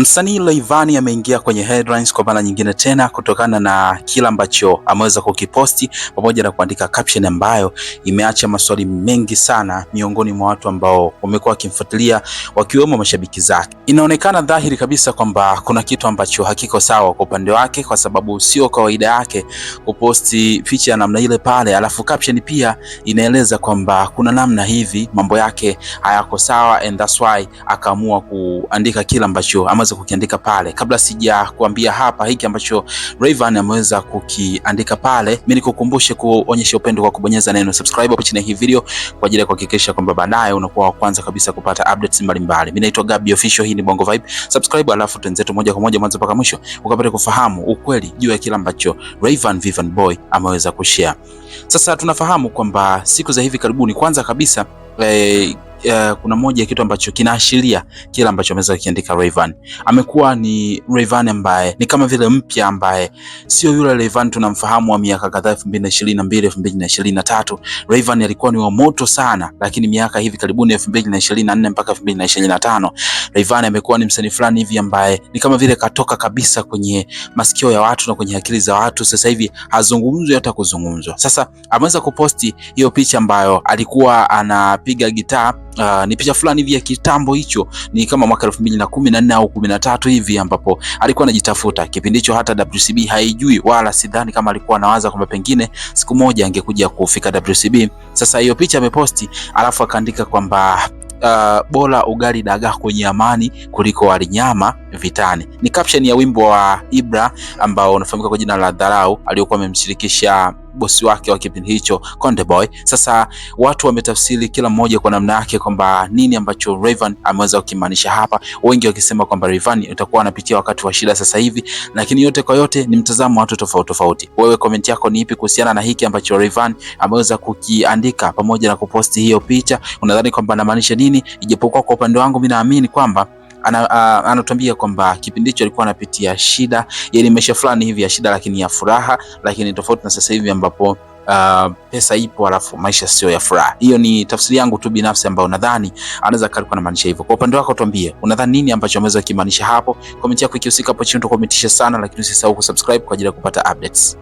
Msanii Rayvanny ameingia kwenye headlines kwa mara nyingine tena kutokana na kila ambacho ameweza kukiposti pamoja na kuandika caption ambayo imeacha maswali mengi sana miongoni mwa watu ambao wamekuwa wakimfuatilia wakiwemo mashabiki zake. Inaonekana dhahiri kabisa kwamba kuna kitu ambacho hakiko sawa kwa upande wake, kwa sababu sio kawaida yake kuposti picha ya namna ile pale, alafu caption pia inaeleza kwamba kuna namna hivi mambo yake hayako sawa, and that's why akaamua kuandika kila ambacho ameweza kukiandika pale. Kabla sija kuambia hapa hiki ambacho Rayvanny ameweza kukiandika pale, mimi nikukumbushe kuonyesha upendo kwa kubonyeza neno subscribe hapo chini ya hii video kwa ajili ya kuhakikisha kwamba baadaye unakuwa wa kwanza kabisa kupata updates mbalimbali. Mimi naitwa Gabby Official, hii ni Bongo Vibe. Subscribe alafu tuenzetu moja kwa moja mwanzo mpaka mwisho ukapate kufahamu ukweli juu ya kila ambacho Rayvanny Vivian Boy ameweza kushare. Sasa tunafahamu kwamba siku za hivi karibuni, kwanza kabisa eh, uh, kuna moja ya kitu ambacho kinaashiria kile ambacho ameweza kukiandika Rayvanny. Amekuwa ni Rayvanny ambaye ni kama vile mpya ambaye sio yule Rayvanny tunamfahamu wa miaka kadhaa 2022, 2023. Rayvanny alikuwa ni wa moto sana, lakini miaka hivi karibuni 2024 mpaka 2025, Rayvanny amekuwa ni msanii fulani hivi ambaye ni kama vile katoka kabisa kwenye masikio ya watu na kwenye akili za watu. Sasa hivi hazungumzwi hata kuzungumzwa. Sasa ameweza kuposti hiyo picha ambayo alikuwa anapiga gitaa uh, ni picha fulani hivi ya kitambo hicho, ni kama mwaka 2014 au 13 hivi, ambapo alikuwa anajitafuta kipindi hicho. Hata WCB haijui wala sidhani kama alikuwa anawaza kwamba pengine siku moja angekuja kufika WCB. Sasa hiyo picha ameposti, alafu akaandika kwamba Uh, bora ugali dagaa kwenye amani kuliko wali nyama vitani. Ni caption ya wimbo wa Ibra ambao unafahamika kwa jina la Dharau, aliyokuwa amemshirikisha bosi wake wa kipindi hicho Konde Boy. Sasa watu wametafsiri kila mmoja kwa namna yake kwamba nini ambacho Rayvanny ameweza kukimaanisha hapa, wengi wakisema kwamba Rayvanny itakuwa anapitia wakati wa shida sasa hivi, lakini yote kwa yote ni mtazamo wa watu tofauti tofauti. Wewe comment yako ni ipi kuhusiana na hiki ambacho Rayvanny ameweza kukiandika pamoja na kuposti hiyo picha? Unadhani kwamba anamaanisha nini? Ijapokuwa kwa upande wangu mimi naamini kwamba anatuambia kwamba kipindi hicho alikuwa anapitia shida, yani maisha fulani hivi ya shida, lakini ya furaha, lakini tofauti na sasa hivi ambapo Uh, pesa ipo alafu maisha sio ya furaha. Hiyo ni tafsiri yangu tu binafsi ambayo nadhani anaweza kalikuwa anamaanisha hivyo. Kwa upande wako tuambie, unadhani nini ambacho ameweza kimaanisha hapo? Komenti yako ikihusika hapo chini utakometisha sana, lakini usisahau kusubscribe kwa ajili ya kupata updates.